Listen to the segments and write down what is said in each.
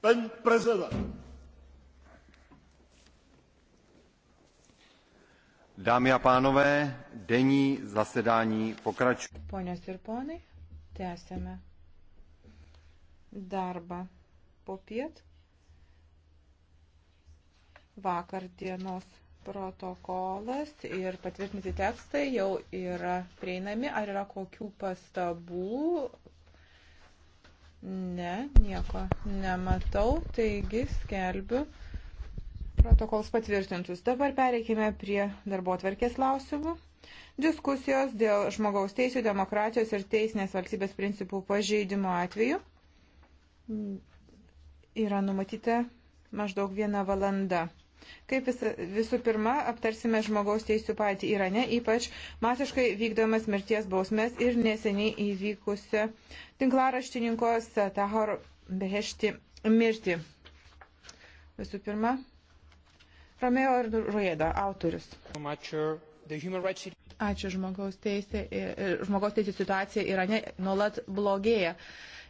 Pan prezident. Dámy a pánové, denní zasedání pokračuje. Ponios ir ponai, tęsėme darbą po piet. Vakar dienos protokolas ir patvirtinti tekstai jau yra prieinami. Ar yra kokių pastabų Ne, nieko nematau, taigi skelbiu protokols patvirtintus. Dabar pereikime prie darbo atverkės klausimų. Diskusijos dėl žmogaus teisų, demokratijos ir teisinės valstybės principų pažeidimo atveju yra numatyta maždaug viena valanda. Kaip vis, visų pirma, aptarsime žmogaus teisų patį Irane, ypač masiškai vykdomas mirties bausmės ir neseniai įvykusią tinklaraštininko Satahar Behešti mirtį. Visų pirma, Romeo ir Rueda, autorius. Ačiū žmogaus teisė, žmogaus teisė situacija Irane nuolat blogėja.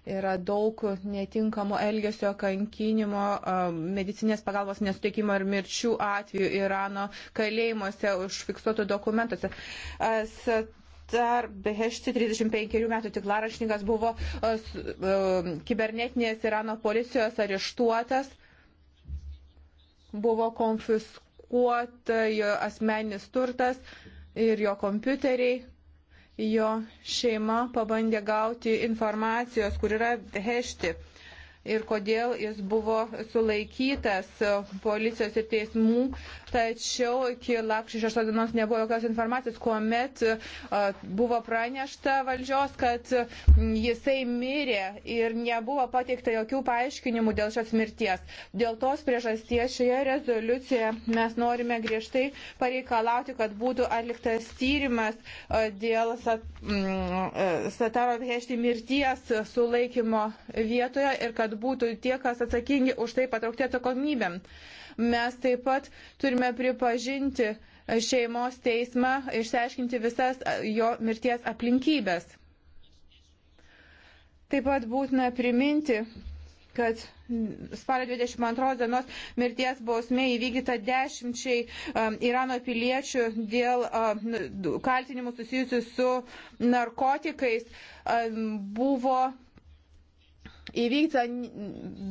Yra daug netinkamo elgesio, kankinimo, medicinės pagalbos nesuteikimo ir mirčių atvejų Irano kalėjimuose užfiksuotų dokumentuose. Star Behešti 35 metų tiklarašnikas buvo kibernetinės Irano policijos areštuotas, buvo konfiskuota jo asmeninis turtas ir jo kompiuteriai jo šeima pabandė gauti informacijos, kur yra hešti ir kodėl jis buvo sulaikytas policijos ir teismų, tačiau iki lapkričio 6 dienos nebuvo jokios informacijos, kuomet e, buvo pranešta valdžios, kad jisai mirė ir nebuvo pateikta jokių paaiškinimų dėl šios mirties. Dėl tos priežasties šioje rezoliucijoje mes norime griežtai pareikalauti, kad būtų atliktas tyrimas e, dėl mm, e, Sataro Hešti mirties sulaikymo vietoje ir kad būtų tie, kas atsakingi už tai patraukti atsakomybėm. Mes taip pat turime pripažinti šeimos teismą, išsiaiškinti visas jo mirties aplinkybės. Taip pat būtina priminti, kad spalio 22 dienos mirties bausmė įvykdyta dešimčiai um, Irano piliečių dėl um, kaltinimų susijusių su narkotikais um, buvo įvykta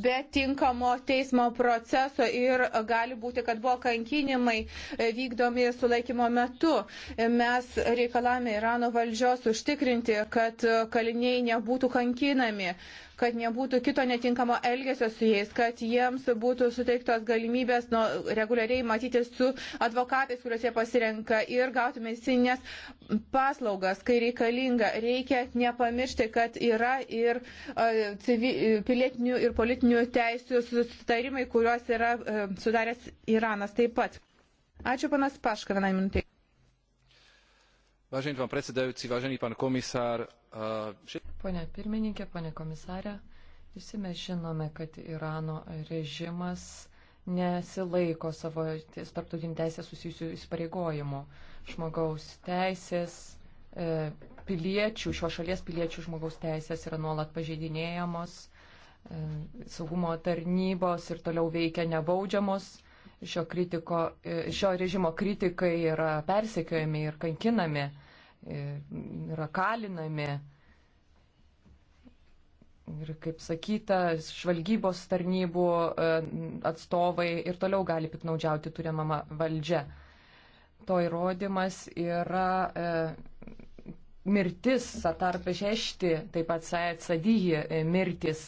be tinkamo teismo proceso ir gali būti, kad buvo kankinimai e, vykdomi sulaikymo metu. Mes reikalame Irano valdžios užtikrinti, kad e, kaliniai nebūtų kankinami kad nebūtų kito netinkamo elgesio su jais, kad jiems būtų suteiktos galimybės nu, reguliariai matyti su advokatais, kuriuos jie pasirenka ir gauti medicinės paslaugas, kai reikalinga. Reikia nepamiršti, kad yra ir uh, civi, pilietinių ir politinių teisių susitarimai, kuriuos yra uh, sudaręs Iranas taip pat. Ačiū panas Paška vienai minutė. Vážený pán predsedajúci, vážený pán komisár. Pone pirmininkė, pone komisarė, visi mes žinome, kad Irano režimas nesilaiko savo tarptautinį teisę susijusių įsipareigojimų. Žmogaus teisės, e, piliečių, šios šalies piliečių žmogaus teisės yra nuolat pažeidinėjamos, e, saugumo tarnybos ir toliau veikia nebaudžiamos šio, kritiko, e, šio režimo kritikai yra persekiojami ir kankinami, e, yra kalinami. Ir kaip sakyta, žvalgybos tarnybų e, atstovai ir toliau gali piknaudžiauti turimama valdžia. To įrodymas yra e, mirtis, satarpe šešti, taip pat sadyji mirtis,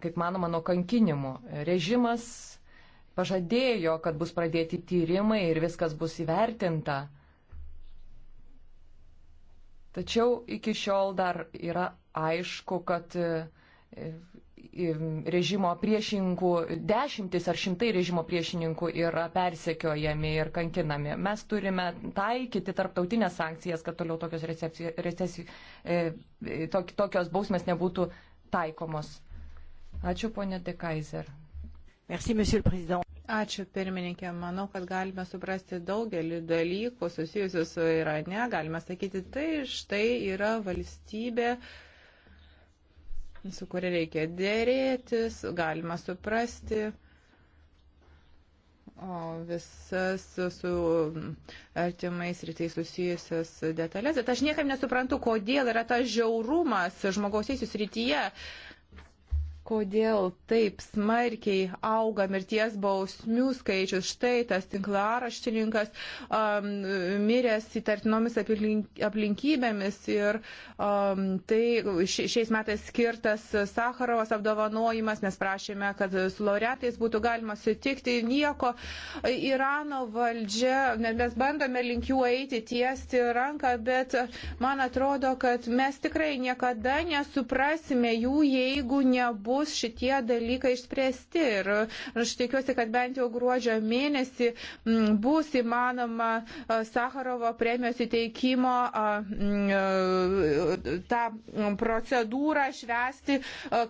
kaip manoma, nuo kankinimų. Režimas pažadėjo, kad bus pradėti tyrimai ir viskas bus įvertinta. Tačiau iki šiol dar yra aišku, kad e, e, režimo priešininkų, dešimtis ar šimtai režimo priešininkų yra persekiojami ir kankinami. Mes turime taikyti tarptautinės sankcijas, kad toliau tokios, recepci... recesi... E, tokios bausmės nebūtų taikomos. Ačiū, ponė De Kaiser. Merci, Monsieur le Président. Ačiū pirmininkė. Manau, kad galime suprasti daugelį dalykų susijusių su Irane. Galime sakyti, tai štai yra valstybė, su kuria reikia dėrėtis, galima suprasti o visas su artimais rytais susijusias detalės. Bet aš niekam nesuprantu, kodėl yra tas žiaurumas žmogaus teisų srityje. Uh, kodėl taip smarkiai auga mirties bausmių skaičius. Štai tas tinklaraštininkas um, miręs įtartinomis aplink, aplinkybėmis ir um, tai šiais metais skirtas Sakarovas apdovanojimas, mes prašėme, kad su laureatais būtų galima sutikti nieko. Irano valdžia, mes bandome link jų eiti, tiesti ranką, bet man atrodo, kad mes tikrai niekada nesuprasime jų, jeigu nebus bus šitie dalykai išspręsti. Ir aš tikiuosi, kad bent jau gruodžio mėnesį mm, bus įmanoma Sakarovo premijos įteikimo mm, tą procedūrą švesti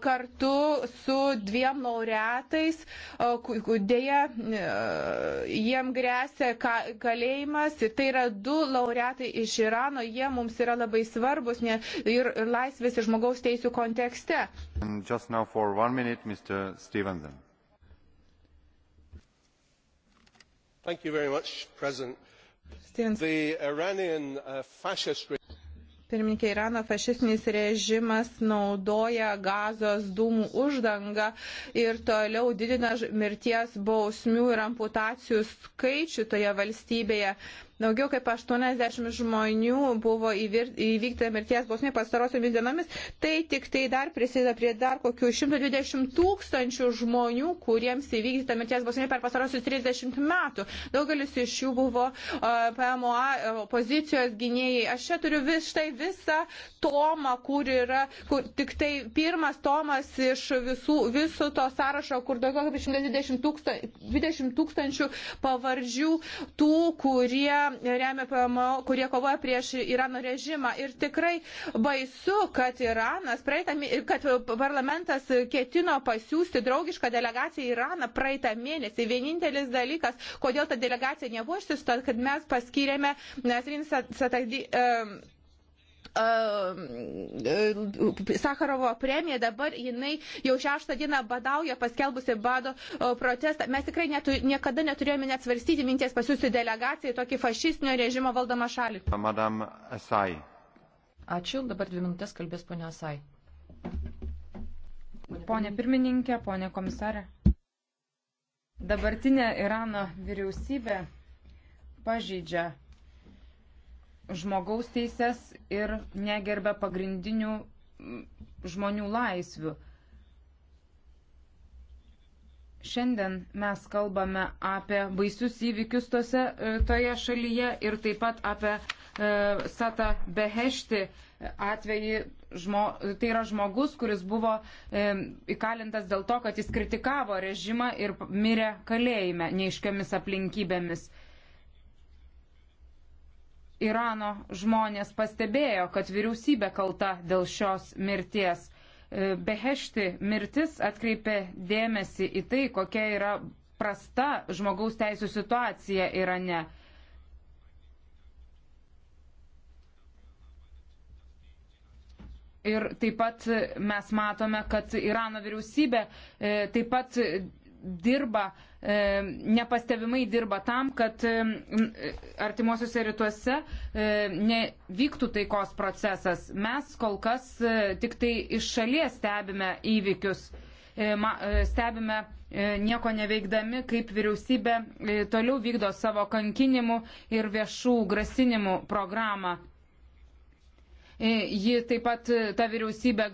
kartu su dviem laureatais. Deja, jiem grėsia kalėjimas ir tai yra du laureatai iš Irano, jie mums yra labai svarbus ne, ir, ir laisvės ir žmogaus teisų kontekste. Just now for one minute, Mr. Stevenson. Thank you very much, President. Stevenson. The Iranian uh, fascist Pirmininkė Irano fašistinis režimas naudoja gazos dūmų uždangą ir toliau didina mirties bausmių ir amputacijų skaičių toje valstybėje. Daugiau kaip 80 žmonių buvo įvykta mirties bausmė pastarosiomis dienomis. Tai tik tai dar prisideda prie dar kokių 120 tūkstančių žmonių, kuriems įvykdyta mirties bausmė per pastarosius 30 metų. Daugelis iš jų buvo uh, PMOA opozicijos gynėjai. Aš čia turiu vis štai visą tomą, kur yra, kur tik tai pirmas tomas iš visų, viso to sąrašo, kur daugiau kaip 120 tūkstančių, tūkstančių pavardžių tų, kurie remia PMO, kurie kovoja prieš Irano režimą. Ir tikrai baisu, kad Iranas, praeitą, kad parlamentas ketino pasiūsti draugišką delegaciją į Iraną praeitą mėnesį. Vienintelis dalykas, kodėl ta delegacija nebuvo išsiusta, kad mes paskyrėme Nasrin Satadi. Uh, Ehm, e, Sakarovo premija dabar jinai jau šeštą dieną badauja paskelbusi bado e, protestą. Mes tikrai netu, niekada neturėjome net svarstyti minties pasiūsti delegaciją į tokį fašistinio režimo valdomą šalį. Madam Asai. Ačiū, dabar dvi minutės kalbės ponia Asai. Pone pirmininkė, pone komisarė. Dabartinė Irano vyriausybė pažydžia žmogaus teises ir negerbia pagrindinių žmonių laisvių. Šiandien mes kalbame apie baisius įvykius tose, e, toje šalyje ir taip pat apie e, Sata Behešti e, atvejį. Žmo, tai yra žmogus, kuris buvo e, įkalintas dėl to, kad jis kritikavo režimą ir mirė kalėjime neiškiamis aplinkybėmis. E, Irano žmonės pastebėjo, kad vyriausybė kalta dėl šios mirties. E, Behešti mirtis atkreipė dėmesį į tai, kokia yra prasta žmogaus teisų situacija Irane. Ir taip pat mes matome, kad Irano vyriausybė e, taip pat dirba, e, nepastebimai dirba tam, kad e, e, artimuosiuose rytuose e, nevyktų taikos procesas. Mes kol kas e, tik tai iš šalies stebime įvykius, e, ma, e, stebime e, nieko neveikdami, kaip vyriausybė e, toliau vykdo savo kankinimų ir viešų grasinimų programą. E, ji taip pat e, tą vyriausybę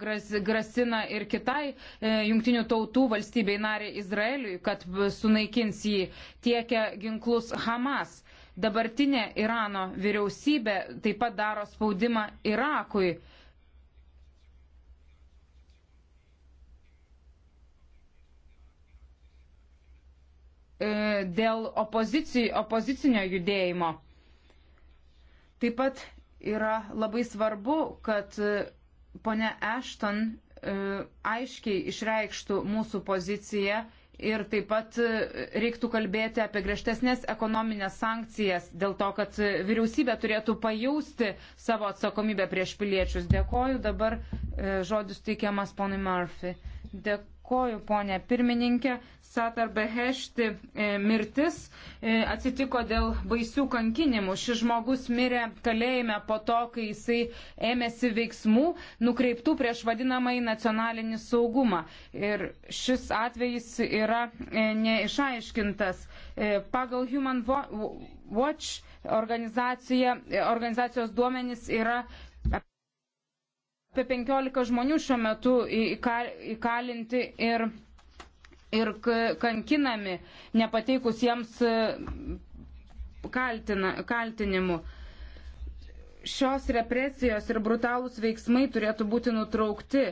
grasina ir kitai e, jungtinių tautų valstybei nariai Izraeliui, kad sunaikins jį, tiekia ginklus Hamas. Dabartinė Irano vyriausybė taip pat daro spaudimą Irakui. dėl opozicijų, opozicinio judėjimo. Taip pat yra labai svarbu, kad e, ponia Ashton e, aiškiai išreikštų mūsų poziciją ir taip pat e, reiktų kalbėti apie griežtesnės ekonominės sankcijas dėl to, kad vyriausybė turėtų pajausti savo atsakomybę prieš piliečius. Dėkoju, dabar žodis teikiamas ponui Murphy. Dėkoju. Dėkoju, ponė pirmininkė. Satar Behešti e, mirtis e, atsitiko dėl baisių kankinimų. Šis žmogus mirė kalėjime po to, kai jisai ėmėsi veiksmų nukreiptų prieš vadinamąjį nacionalinį saugumą. Ir šis atvejis yra e, neišaiškintas. Pagal Human Watch organizacijos duomenys yra Apie 15 žmonių šiuo metu įkalinti ir, ir kankinami, nepateikus jiems e, kaltina, kaltinimu šios represijos ir brutalūs veiksmai turėtų būti nutraukti.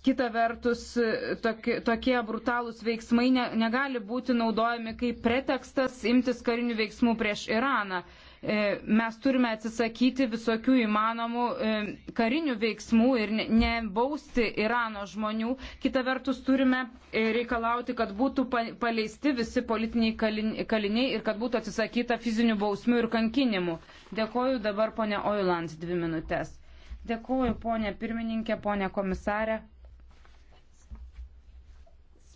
Kita vertus, e, tokie, tokie brutalūs veiksmai ne, negali būti naudojami kaip pretekstas imtis karinių veiksmų prieš Iraną. E, mes turime atsisakyti visokių įmanomų e, karinių veiksmų ir nebausti Irano žmonių. Kita vertus turime e, reikalauti, kad būtų paleisti visi politiniai kaliniai ir kad būtų atsisakyta fizinių bausmių ir kankinimų. Dėkoju dabar ponė Oiland dvi minutės. Dėkoju ponė pirmininkė, ponė komisarė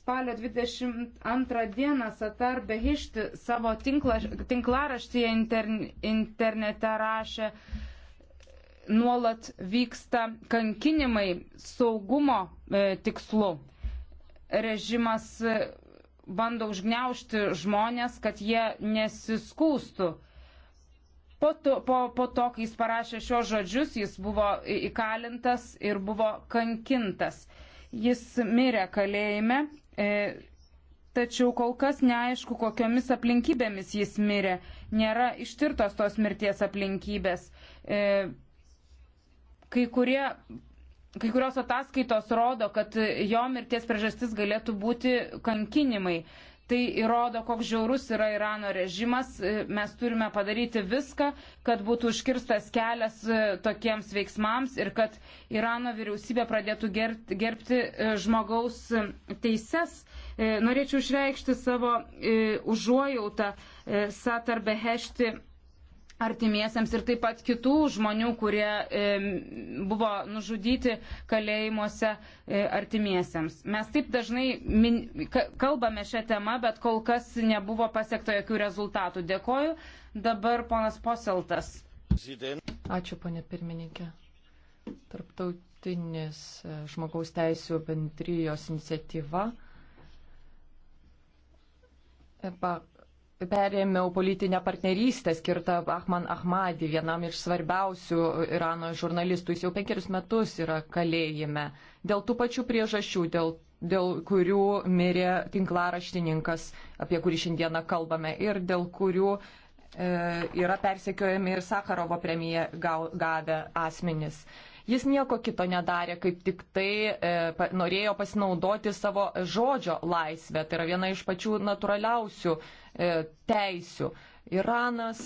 spalio 22 dieną Satar Behišti savo tinkla, tinklaraštyje interne, internete rašė, nuolat vyksta kankinimai saugumo e, tikslu. Režimas e, bando užgneušti žmonės, kad jie nesiskūstų. Po to, po, po to, kai jis parašė šios žodžius, jis buvo įkalintas ir buvo kankintas. Jis mirė kalėjime E, tačiau kol kas neaišku, kokiomis aplinkybėmis jis mirė. Nėra ištirtos tos mirties aplinkybės. E, kai, kurie, kai kurios ataskaitos rodo, kad jo mirties priežastis galėtų būti kankinimai. Tai įrodo, koks žiaurus yra Irano režimas. E, mes turime padaryti viską, kad būtų užkirstas kelias e, tokiems veiksmams ir kad Irano vyriausybė pradėtų gerbti e, žmogaus teises. Norėčiau išreikšti savo užuojautą Satar Behešti artimiesiems ir taip pat kitų žmonių, kurie e, buvo nužudyti kalėjimuose e, artimiesiems. Mes taip dažnai min, ka, kalbame šią temą, bet kol kas nebuvo pasiekta jokių rezultatų. Dėkoju. Dabar ponas Poseltas. Ačiū, ponė pirmininkė. Tarptautinis e, žmogaus teisų bendrijos iniciatyva. EBA perėmiau politinę partnerystę skirtą Ahman Ahmadi, vienam iš svarbiausių Irano žurnalistų. Jis jau penkerius metus yra kalėjime. Dėl tų pačių priežasčių, dėl, dėl kurių mirė tinklaraštininkas, apie kurį šiandieną kalbame, ir dėl kurių e, yra persekiojami ir Sakarovo premiją gavę asmenys. Jis nieko kito nedarė, kaip tik tai e, pa, norėjo pasinaudoti savo žodžio laisvę. Tai yra viena iš pačių natūraliausių e, E, teisių. Iranas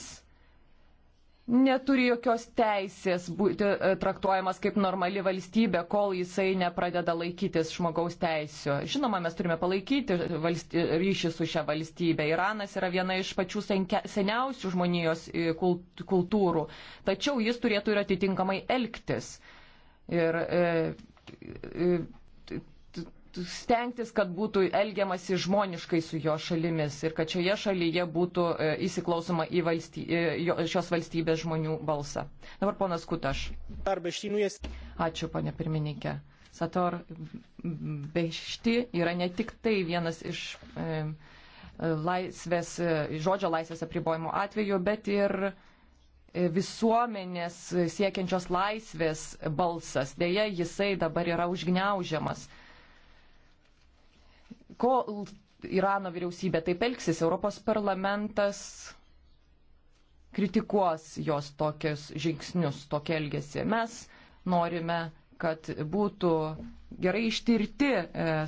neturi jokios teisės būti e, traktuojamas kaip normali valstybė, kol jisai nepradeda laikytis žmogaus teisų. Žinoma, mes turime palaikyti valsty, ryšį su šia valstybė. Iranas yra viena iš pačių seniausių žmonijos e, kultūrų, tačiau jis turėtų ir atitinkamai elgtis. Ir, e, e, stengtis, kad būtų elgiamasi žmoniškai su jo šalimis ir kad šioje šalyje būtų e, įsiklausoma į valsty, e, šios valstybės žmonių balsą. Dabar ponas Kutaš. Ačiū, ponė pirmininkė. Sator Bešti yra ne tik tai vienas iš e, laisvės, e, žodžio laisvės apribojimo atveju, bet ir visuomenės siekiančios laisvės balsas. Deja, jisai dabar yra užgneužiamas kol Irano vyriausybė taip elgsis, Europos parlamentas kritikuos jos tokius žingsnius, tokia elgesi. Mes norime, kad būtų gerai ištirti e,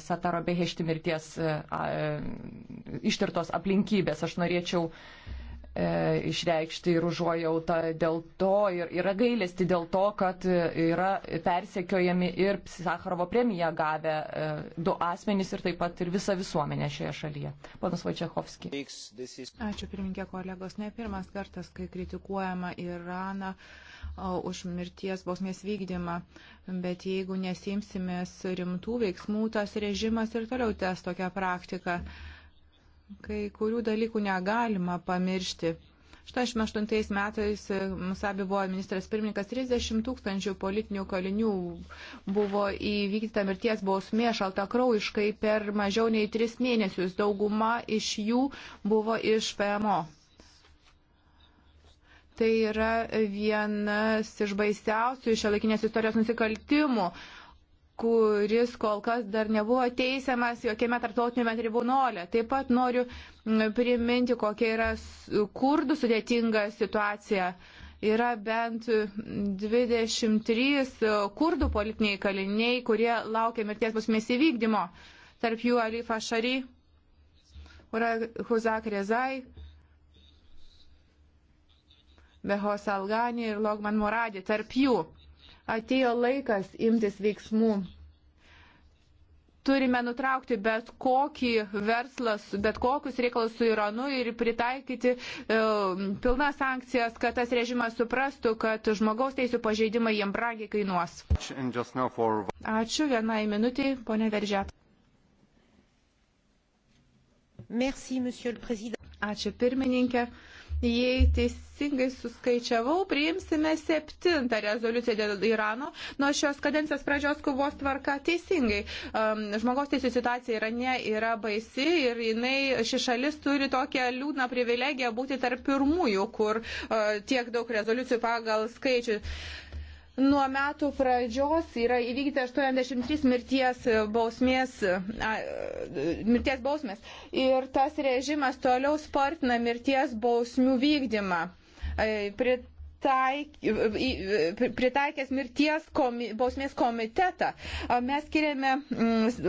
Sataro Behešti mirties, e, e, ištirtos aplinkybės. Aš norėčiau e, išreikšti ir užuojautą dėl to, ir yra gailesti dėl to, kad yra persekiojami ir Sakharovo premiją gavę e, du asmenys ir taip pat ir visa visuomenė šioje šalyje. Panas Vačiachovski. Ačiū pirmininkė kolegos. Ne pirmas kartas, kai kritikuojama Iraną e, už mirties bausmės vykdymą, bet jeigu nesimsimės rimtų veiksmų, tas režimas ir toliau tęs tokią praktiką. Mm kai kurių dalykų negalima pamiršti. 88 metais e, Musabi buvo ministras pirmininkas, 30 tūkstančių politinių kalinių buvo įvykdyta mirties bausmė šalta kraujiškai per mažiau nei 3 mėnesius. Dauguma iš jų buvo iš PMO. Tai yra vienas iš baisiausių iš šiolaikinės istorijos nusikaltimų. Uh, kuris kol kas dar nebuvo teisiamas jokiame tarptautiniame tribunole. Taip pat noriu priminti, kokia yra kurdų sudėtinga situacija. Yra bent 23 kurdų politiniai kaliniai, kurie laukia mirties bausmės įvykdymo. Tarp jų Alifa Šari, Huzak Rezai, Behos Algani ir Logman Moradi. Tarp jų atėjo laikas imtis veiksmų. Turime nutraukti bet kokį verslą, bet kokius reikalus su Iranu ir pritaikyti e, pilnas sankcijas, kad tas režimas suprastų, kad žmogaus teisų pažeidimai jiem brangiai kainuos. For... Ačiū vienai minutiai, ponė Veržet. Merci, Ačiū pirmininkė. Jei teisingai suskaičiavau, priimsime septintą rezoliuciją dėl Irano. Nuo šios kadencijos pradžios kovos tvarka teisingai. Um, žmogaus teisų situacija Irane yra baisi ir jinai, ši šalis turi tokią liūdną privilegiją būti tarp pirmųjų, kur uh, tiek daug rezoliucijų pagal skaičių. Uh, Nuo metų pradžios yra įvykdyta 83 mirties bausmės, a, mirties bausmės ir tas režimas toliau spartina mirties bausmių vykdymą. E, Prit, pritaikęs mirties komi, bausmės komitetą. Mes skiriame mm,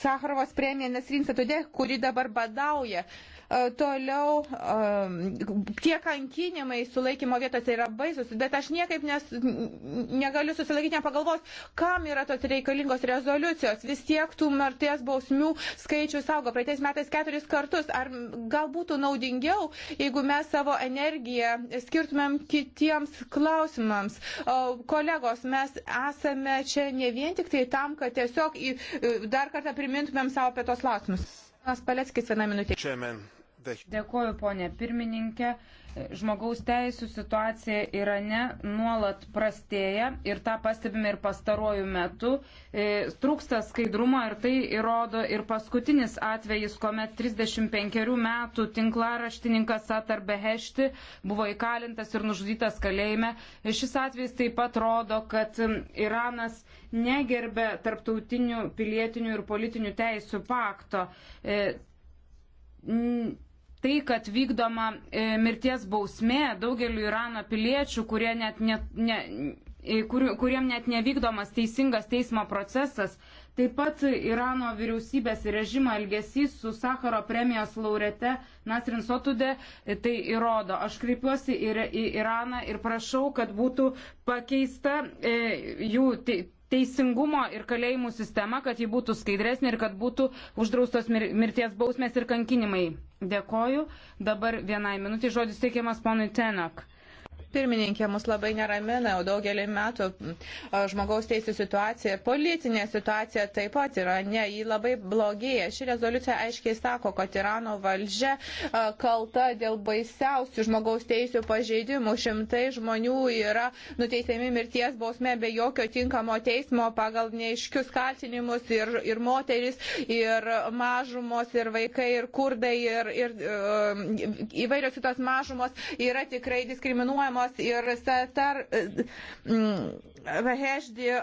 Sakarovos premiją Nesrinsa Tudė, kuri dabar badauja. Uh, E, toliau e, tie kankinimai sulaikymo vietose yra baisus, bet aš niekaip nes, negaliu susilaikyti nepagalvos, kam yra tos reikalingos rezoliucijos. Vis tiek tų mirties bausmių skaičius augo. Praeitais metais keturis kartus. Ar gal būtų naudingiau, jeigu mes savo energiją skirtumėm kitiems klausimams? E, kolegos, mes esame čia ne vien tik tai tam, kad tiesiog dar kartą primintumėm savo apie tos klausimus. Paleckis, viena minutė. Čia, man. Dėkuoju, ponė pirmininkė. Žmogaus teisų situacija Irane nuolat prastėja ir tą pastebime ir pastaruoju metu. E, trūksta skaidrumo ir tai įrodo ir paskutinis atvejis, kuomet 35 metų tinklaraštininkas Satar Behešti buvo įkalintas ir nužudytas kalėjime. E, šis atvejis taip pat rodo, kad Iranas negerbė tarptautinių pilietinių ir politinių teisų pakto. E, n, tai, kad vykdoma e, mirties bausmė daugeliu Irano piliečių, kurie net ne, ne, e, kur, kuriem net nevykdomas teisingas teismo procesas. Taip pat Irano vyriausybės režimo elgesys su Sakaro premijos laurete Nasrin Sotude e, tai įrodo. Aš kreipiuosi ir į Iraną ir prašau, kad būtų pakeista e, jų te, teisingumo ir kalėjimų sistema, kad ji būtų skaidresnė ir kad būtų uždraustos mir, mirties bausmės ir kankinimai. Dėkoju. Dabar vienai minutį žodis teikiamas ponui Tenok pirmininkė, mus labai neramina jau daugelį metų žmogaus teisų situacija ir politinė situacija taip pat yra, ne, jį labai blogėja. Ši rezoliucija aiškiai sako, kad Irano valdžia kalta dėl baisiausių žmogaus teisų pažeidimų. Šimtai žmonių yra nuteisiami mirties bausme be jokio tinkamo teismo pagal neiškius kaltinimus ir, ir moteris, ir mažumos, ir vaikai, ir kurdai, ir, ir įvairios kitos mažumos yra tikrai diskriminuojamos problemos ir Satar mm, Vahešdi e,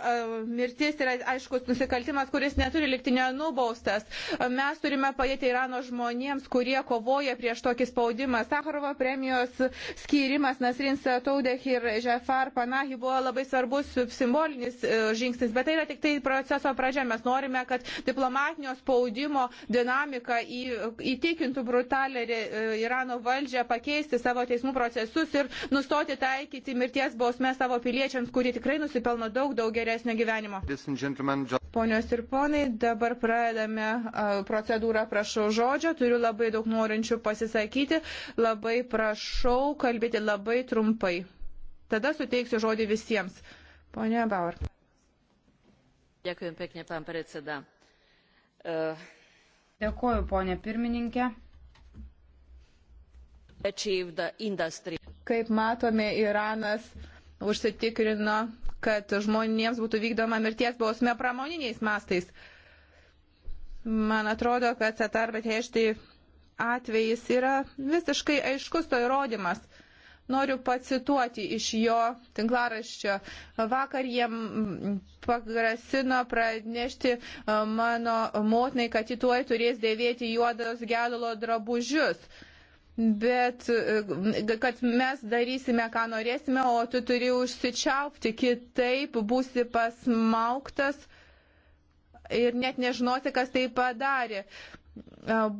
mirtis yra aiškus nusikaltimas, kuris neturi likti nenubaustas. Mes turime padėti Irano žmonėms, kurie kovoja prieš tokį spaudimą. Sakarovo premijos skyrimas Nasrin Sataudek ir Žefar Panahi buvo labai svarbus simbolinis e, žingsnis, bet tai yra tik tai proceso pradžia. Mes norime, kad diplomatinio spaudimo dinamika į, įtikintų brutalę e, Irano valdžią pakeisti savo teismų procesus ir nustoti nustoti taikyti mirties bausmę savo piliečiams, kurie tikrai nusipelno daug, daug geresnio gyvenimo. Ponios ir ponai, dabar pradedame procedūrą, prašau žodžio, turiu labai daug norinčių pasisakyti, labai prašau kalbėti labai trumpai. Tada suteiksiu žodį visiems. Pone Bauer. Dėkui, pekne, pan predseda. Uh... Dėkuoju, ponė pirmininkė achieved industry. Kaip matome, Iranas užsitikrino, kad žmonėms būtų vykdoma mirties bausmė pramoniniais mastais. Man atrodo, kad Satarbet Heštai atvejis yra visiškai aiškus to įrodymas. Noriu pacituoti iš jo tinklaraščio. Vakar jiem pagrasino pranešti e, mano motinai, kad ji tuoj turės dėvėti juodos gelulo drabužius bet e, kad mes darysime, ką norėsime, o tu turi užsičiaupti, kitaip būsi pasmauktas ir net nežinosi, kas tai padarė. E,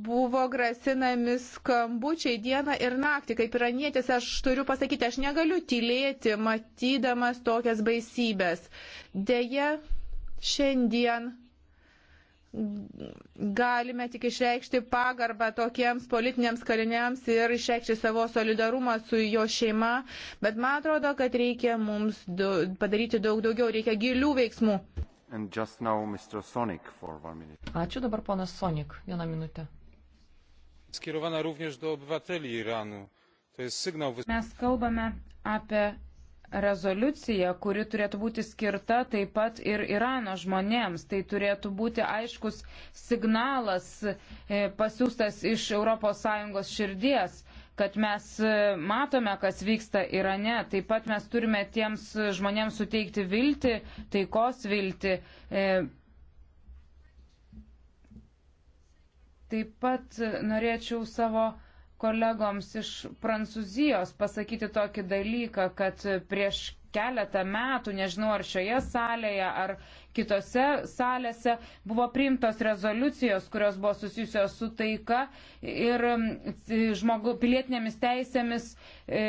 buvo grasinami skambučiai dieną ir naktį, kaip iranietis, aš turiu pasakyti, aš negaliu tylėti, matydamas tokias baisybės. Deja, šiandien galime tik išreikšti pagarbą tokiems politiniams kaliniams ir išreikšti savo solidarumą su jo šeima, bet man atrodo, kad reikia mums du, padaryti daug daugiau, reikia gilių veiksmų. Now, Ačiū dabar ponas Sonik, vieną minutę. Mes kalbame apie rezoliucija, kuri turėtų būti skirta taip pat ir Irano žmonėms. Tai turėtų būti aiškus signalas e, pasiūstas iš ES širdies, kad mes e, matome, kas vyksta Irane. Taip pat mes turime tiems žmonėms suteikti viltį, taikos viltį. E, taip pat norėčiau savo kolegoms iš Prancūzijos pasakyti tokį dalyką, kad prieš keletą metų, nežinau ar šioje salėje, ar kitose salėse, buvo priimtos rezoliucijos, kurios buvo susijusios su taika ir žmogų pilietinėmis teisėmis. E,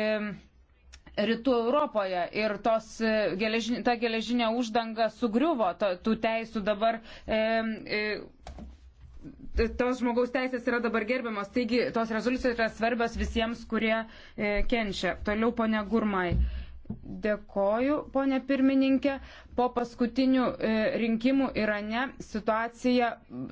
Rytų Europoje ir tos, e, geležinė, ta geležinė uždanga sugriuvo to, tų teisų dabar e, e, tos žmogaus teisės yra dabar gerbiamos, taigi tos rezoliucijos yra svarbios visiems, kurie e, kenčia. Toliau, ponia Gurmai. Dėkoju, ponė pirmininkė. Po paskutinių e, rinkimų Irane situacija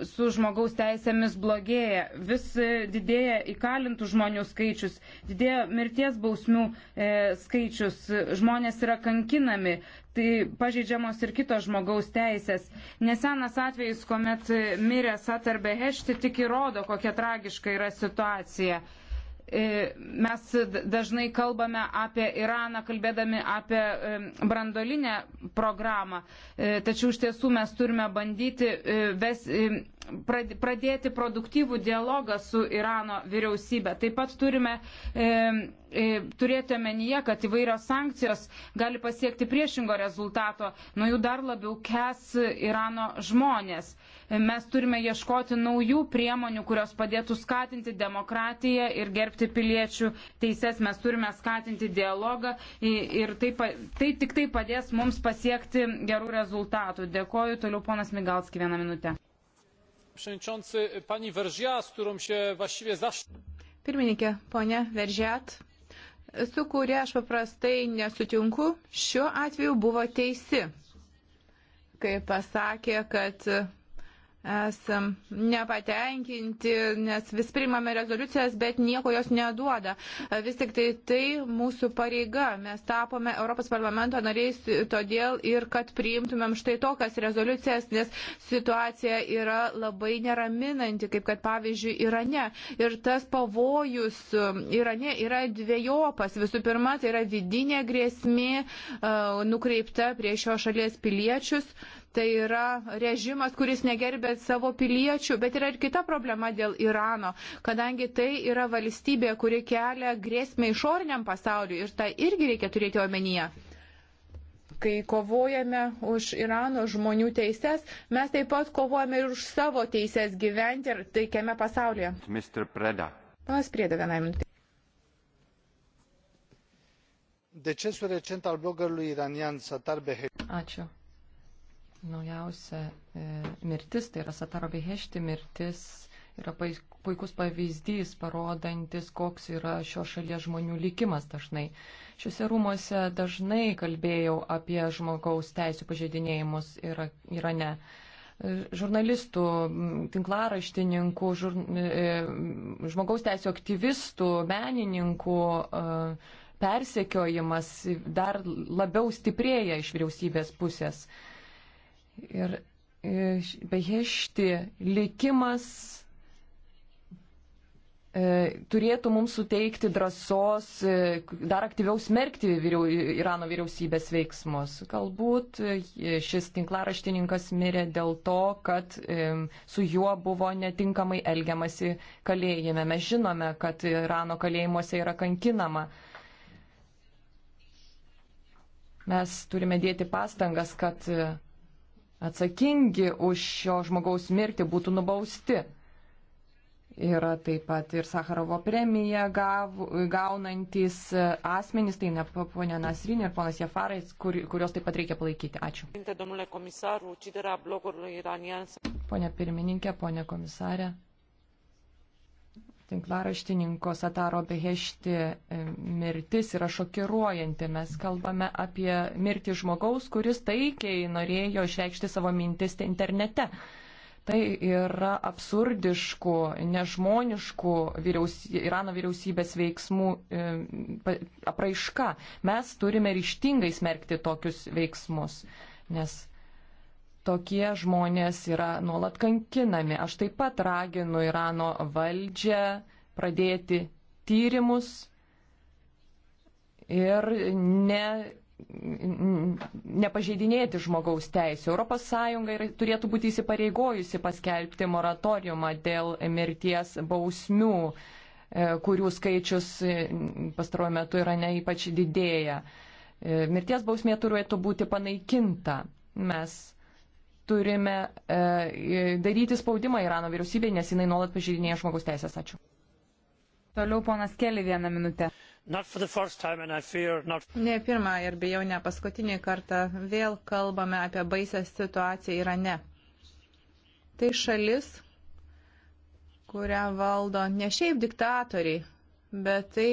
su žmogaus teisėmis blogėja. Vis e, didėja įkalintų žmonių skaičius, didėja mirties bausmių e, skaičius, žmonės yra kankinami, tai pažeidžiamos ir kitos žmogaus teisės. Nesenas atvejis, kuomet mirė Satar Behešti, tik įrodo, kokia tragiška yra situacija. E, mes dažnai kalbame apie Iraną, kalbėdami apie e, brandolinę programą, e, tačiau iš tiesų mes turime bandyti ves, pradėti produktyvų dialogą su Irano vyriausybė. Taip pat turime e, e, turėti omenyje, kad įvairios sankcijos gali pasiekti priešingo rezultato, nuo jų dar labiau kes Irano žmonės. E, mes turime ieškoti naujų priemonių, kurios padėtų skatinti demokratiją ir gerbti piliečių teises. Mes turime skatinti dialogą ir tai, tai tik tai padės mums pasiekti gerų rezultatų. Dėkoju, toliau ponas Migalski vieną minutę przewodniczący, pani Veržia, z którą się właściwie zawsze. Pirmininkė, ponia Veržiat, su kuria aš paprastai nesutinku, šiuo atveju buvo teisi, kai pasakė, kad esam nepatenkinti, nes vis primame rezoliucijas, bet nieko jos neduoda. Vis tik tai tai mūsų pareiga. Mes tapome Europos parlamento nariais todėl ir kad priimtumėm štai tokias rezoliucijas, nes situacija yra labai neraminanti, kaip kad pavyzdžiui Irane. Ir tas pavojus Irane yra dviejopas. Visų pirma, tai yra vidinė grėsmė e, nukreipta prieš šios šalies piliečius. Tai yra režimas, kuris negerbė savo piliečių, bet yra ir kita problema dėl Irano, kadangi tai yra valstybė, kuri kelia grėsmę išoriniam pasauliu ir tą irgi reikia turėti omenyje. Kai kovojame už Irano žmonių teises, mes taip pat kovojame ir už savo teises gyventi ir taikiame pasaulyje. Mr. Preda. Panas Prieda vienai minutai. Decesul recent al bloggerului iranian Satar Beheshti. Ačiū Naujausia e, mirtis, tai yra Sataro Behešti mirtis, yra puikus pavyzdys, parodantis, koks yra šio šalies žmonių likimas dažnai. Šiuose rūmose dažnai kalbėjau apie žmogaus teisų pažeidinėjimus Irane. E, žurnalistų, tinklaraštininkų, žur, e, žmogaus teisų aktyvistų, menininkų persekiojimas dar labiau stiprėja iš vyriausybės pusės. Ir e, behešti likimas e, turėtų mums suteikti drąsos e, dar aktyviau smerkti vyriau, Irano vyriausybės veiksmus. Galbūt šis tinklaraštininkas mirė dėl to, kad su juo buvo netinkamai elgiamasi kalėjime. Mes žinome, kad Irano kalėjimuose yra kankinama. Mes turime dėti pastangas, kad atsakingi už šio žmogaus mirtį būtų nubausti. Yra taip pat ir Sakarovo premiją gav, gaunantis e, asmenys, tai ne ponia Nasrinė ir ponas Jafarais, kur, kurios taip pat reikia palaikyti. Ačiū. Pone pirmininkė, ponia komisarė, tinklaraštininko Sataro Behešti e, mirtis yra šokiruojanti. Mes kalbame apie mirtį žmogaus, kuris taikiai norėjo išreikšti savo mintis internete. Tai yra absurdiškų, nežmoniškų vyriausy, Irano vyriausybės veiksmų e, apraiška. Mes turime ryštingai smerkti tokius veiksmus, nes tokie žmonės yra nuolat kankinami. Aš taip pat raginu Irano valdžią pradėti tyrimus ir ne nepažeidinėti žmogaus teisų. ES turėtų būti įsipareigojusi paskelbti moratoriumą dėl mirties bausmių, e, kurių skaičius e, pastaruoju metu yra neįpač didėja. E, mirties bausmė turėtų būti panaikinta. Mes turime e, daryti spaudimą Irano vyriausybei, nes jinai nuolat pažydinėja žmogaus teisės. Ačiū. Toliau ponas Keli vieną minutę. Not... Ne pirmą ir bijau ne paskutinį kartą vėl kalbame apie baisę situaciją Irane. Tai šalis, kurią valdo ne šiaip diktatoriai, bet tai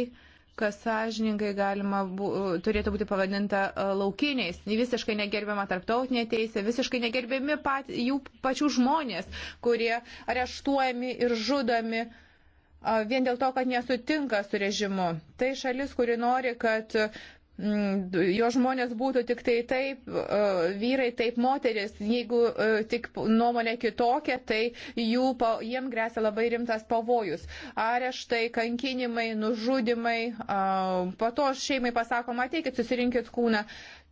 kas sąžiningai galima bū, turėtų būti pavadinta e, laukiniais. Visiškai negerbiama tarptautinė teisė, visiškai negerbiami pat, jų pačių žmonės, kurie areštuojami ir žudomi e, vien dėl to, kad nesutinka su režimu. Tai šalis, kuri nori, kad Mm, jo žmonės būtų tik tai taip, e, vyrai taip moteris, jeigu e, tik nuomonė kitokia, tai jų, jiem grėsia labai rimtas pavojus. Areštai, kankinimai, nužudimai, po to šeimai pasakoma, ateikit, susirinkit kūną.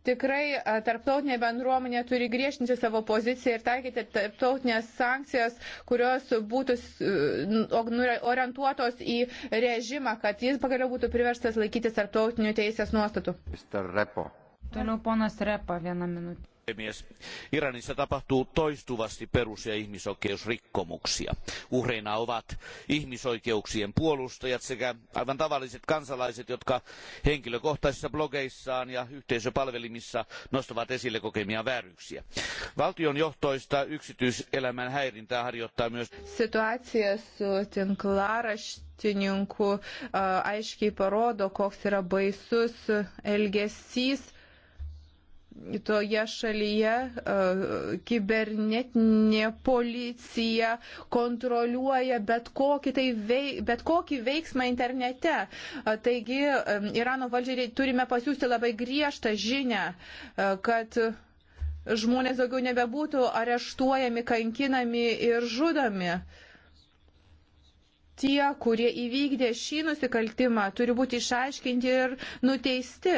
Tikrai tarptautinė bendruomenė turi griežtinti savo poziciją ir taikyti tarptautinės sankcijas, kurios būtų e, nu, orientuotos į režimą, kad jis pagaliau būtų priverstas laikytis tarptautinių teisės nuostatų. Toliau ponas Repa vieną minutę puhemies iranissa tapahtuu toistuvasti perus ja ihmisoikeusrikkomuksia. uhreina ovat ihmisoikeuksien puolustajat sekä aivan tavalliset kansalaiset jotka henkilökohtaisissa blogeissaan ja yhteisöpalvelimissa nostavat esille kokemiaan vääryyksiä. valtionjohtoista yksityiselämän häirintää harjoittaa myös situaatio su tinklaraštininku aiškiai parodo koks yra baisus elgesys toje šalyje e, kibernetinė policija kontroliuoja bet kokį, tai veik, bet kokį veiksmą internete. E, taigi e, Irano valdžiai turime pasiūsti labai griežtą žinę, kad žmonės daugiau nebebūtų areštuojami, kankinami ir žudomi tie, kurie įvykdė šį nusikaltimą, turi būti išaiškinti ir nuteisti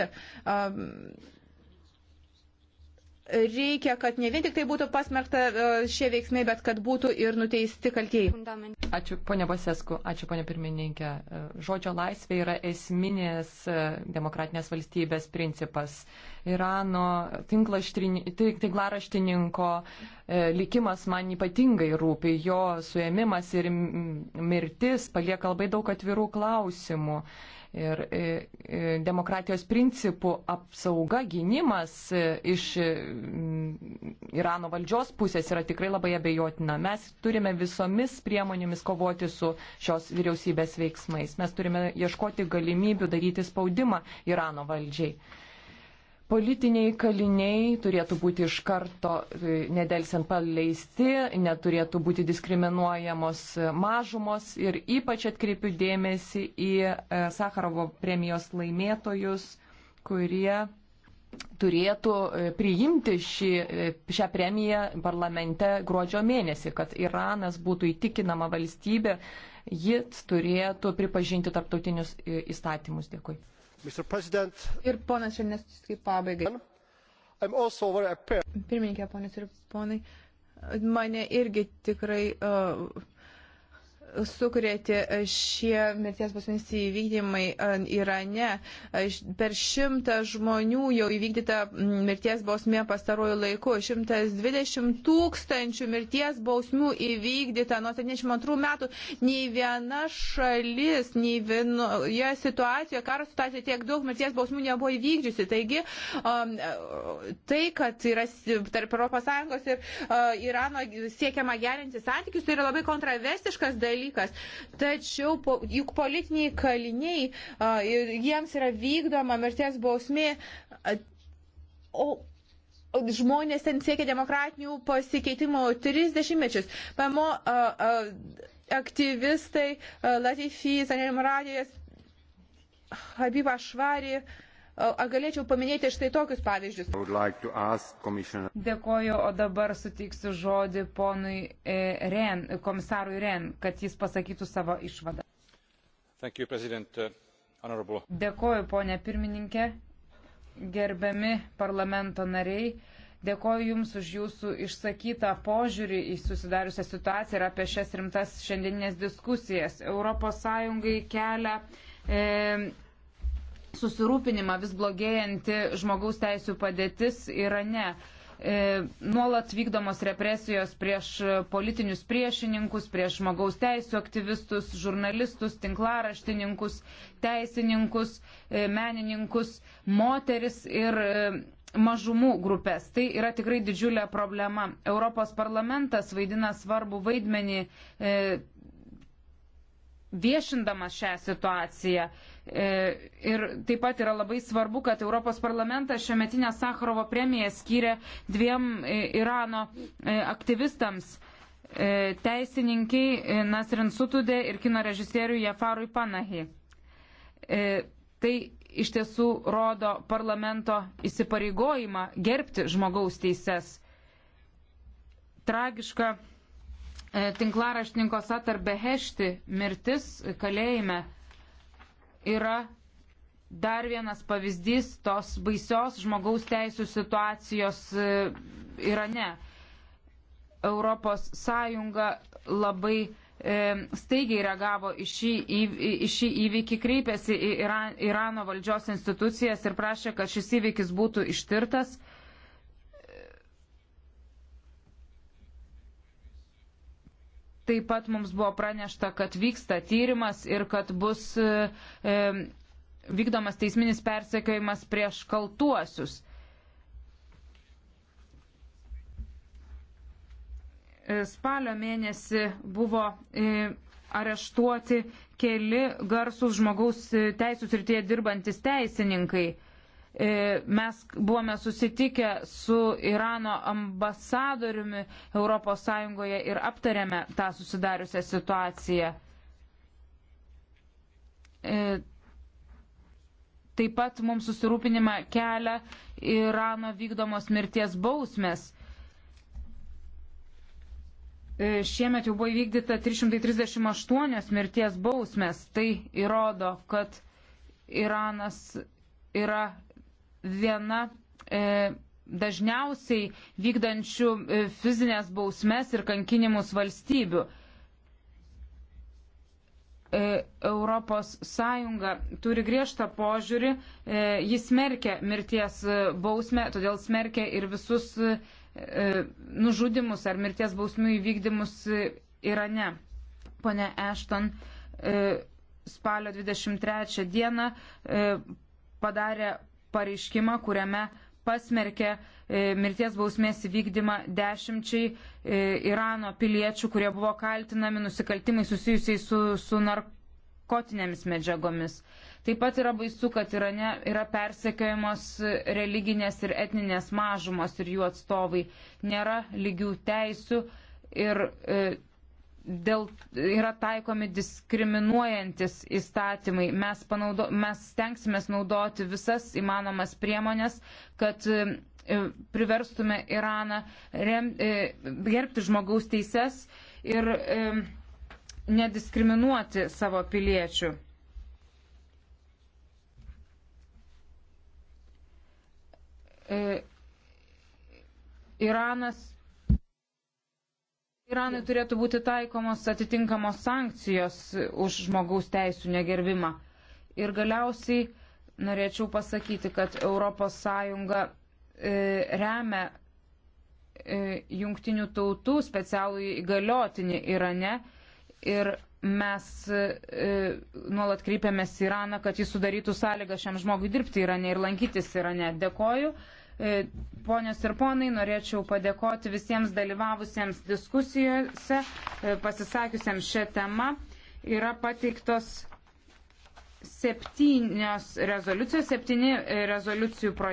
reikia, kad ne vien tik tai būtų pasmerkta e, šie veiksmai, bet kad būtų ir nuteisti kaltieji. Ačiū, ponia Basesku, ačiū, ponia pirmininkė. E, žodžio laisvė yra esminės e, demokratinės valstybės principas. Irano tinklaraštininko likimas man ypatingai rūpi. Jo suėmimas ir mirtis palieka labai daug atvirų klausimų. Ir e, e, demokratijos principų apsauga, gynimas e, iš mm, Irano valdžios pusės yra tikrai labai abejotina. Mes turime visomis priemonėmis kovoti su šios vyriausybės veiksmais. Mes turime ieškoti galimybių daryti spaudimą Irano valdžiai. Politiniai kaliniai turėtų būti iš karto e, nedelsiant paleisti, neturėtų būti diskriminuojamos e, mažumos ir ypač atkreipiu dėmesį į e, Sakarovo premijos laimėtojus, kurie turėtų priimti šį, šią premiją parlamente gruodžio mėnesį, kad Iranas būtų įtikinama valstybė, ji turėtų pripažinti tarptautinius įstatymus. Dėkui. Ir ponas Černeskai pabaigai. Pirmininkė, ponas ir ponai, mane irgi tikrai uh, sukrėtė šie mirties pasmės įvykdymai e, Irane. E, per šimtą žmonių jau įvykdyta mirties bausmė pastaruoju laiku. 120 tūkstančių mirties bausmių įvykdyta nuo 72 metų. Nei viena šalis, nei vienoje situacijoje, karo situacijoje tiek daug mirties bausmių nebuvo įvykdžiusi. Taigi e, tai, kad yra tarp ES ir Irano siekiama gerinti santykius, tai yra labai kontroversiškas dalykas dalykas. Tačiau po, juk politiniai kaliniai, a, jiems yra vykdoma mirties bausmė. A, o žmonės ten siekia demokratinių pasikeitimų 30 mečius. PMO a, a, aktyvistai a, Latifijas, Anil Radijas, Habiba Švari. A, Ar galėčiau paminėti štai tokius pavyzdžius? Like Dėkoju, o dabar sutiksiu žodį ponui e, Ren, komisarui Ren, kad jis pasakytų savo išvadą. Thank you, President. Uh, Honorable. Dėkoju, ponė pirmininkė, gerbiami parlamento nariai. Dėkoju Jums už Jūsų išsakytą požiūrį į susidariusią situaciją ir apie šias rimtas šiandieninės diskusijas. ES kelia. E, susirūpinimą vis blogėjanti žmogaus teisų padėtis Irane. E, nuolat vykdomos represijos prieš politinius priešininkus, prieš žmogaus teisų aktyvistus, žurnalistus, tinklaraštininkus, teisininkus, e, menininkus, moteris ir e, mažumų grupės. Tai yra tikrai didžiulė problema. Europos parlamentas vaidina svarbų vaidmenį e, viešindamas šią situaciją. E, ir taip pat yra labai svarbu, kad Europos parlamentas šiuometinę Sakharovo premiją skyrė dviem e, Irano e, aktyvistams teisininkiai Nasrin Sutudė ir kino režisieriui Jafarui Panahi. Tai iš tiesų rodo parlamento įsipareigojimą gerbti žmogaus teises. Tragiška tinklaraštininko Satar Behešti mirtis kalėjime yra dar vienas pavyzdys tos baisios žmogaus teisų situacijos e, Irane. Europos Sąjunga labai e, staigiai reagavo į šį, į šį įvykį, kreipėsi į Irano valdžios institucijas ir prašė, kad šis įvykis būtų ištirtas. Taip pat mums buvo pranešta, kad vyksta tyrimas ir kad bus e, e vykdomas teisminis persekiojimas prieš kaltuosius. E, spalio mėnesį buvo e, areštuoti keli garsus žmogaus e, teisų srityje dirbantis teisininkai. E, E, mes buvome susitikę su Irano ambasadoriumi ES ir aptarėme tą susidariusią situaciją. E, taip pat mums susirūpinimą kelia Irano vykdomos mirties bausmės. E, šiemet jau buvo įvykdyta 338 mirties bausmės. Tai įrodo, kad Iranas yra viena e, dažniausiai vykdančių e, fizinės bausmes ir kankinimus valstybių. E, Europos Sąjunga turi griežtą požiūrį, e, jis smerkia mirties bausmę, todėl smerkia ir visus nužudimus ar mirties bausmių įvykdymus Irane. Pone Ešton spalio 23 dieną padarė pareiškimą, kuriame pasmerkė e, mirties bausmės įvykdymą dešimčiai e, Irano piliečių, kurie buvo kaltinami nusikaltimai susijusiai su, su narkotinėmis medžiagomis. Taip pat yra baisu, kad Irane yra persekiojamos religinės ir etninės mažumos ir jų atstovai. Nėra lygių teisių ir e, dėl yra taikomi diskriminuojantis įstatymai. Mes, panaudo, mes stengsimės naudoti visas įmanomas priemonės, kad e, priverstume Iraną rem, e, gerbti žmogaus teises ir e, nediskriminuoti savo piliečių. Iranas Iranui turėtų būti taikomos atitinkamos sankcijos už žmogaus teisų negerbimą. Ir galiausiai norėčiau pasakyti, kad ES e, remia e, jungtinių tautų specialų įgaliotinį Irane ir mes e, nuolat kreipiamės į Iraną, kad jis sudarytų sąlygą šiam žmogui dirbti Irane ir lankytis Irane. Dėkoju. E, ponios ir ponai, norėčiau padėkoti visiems dalyvavusiems diskusijose, e, pasisakiusiems šią temą. Yra pateiktos septynios rezoliucijos, septyni e, rezoliucijų projektai.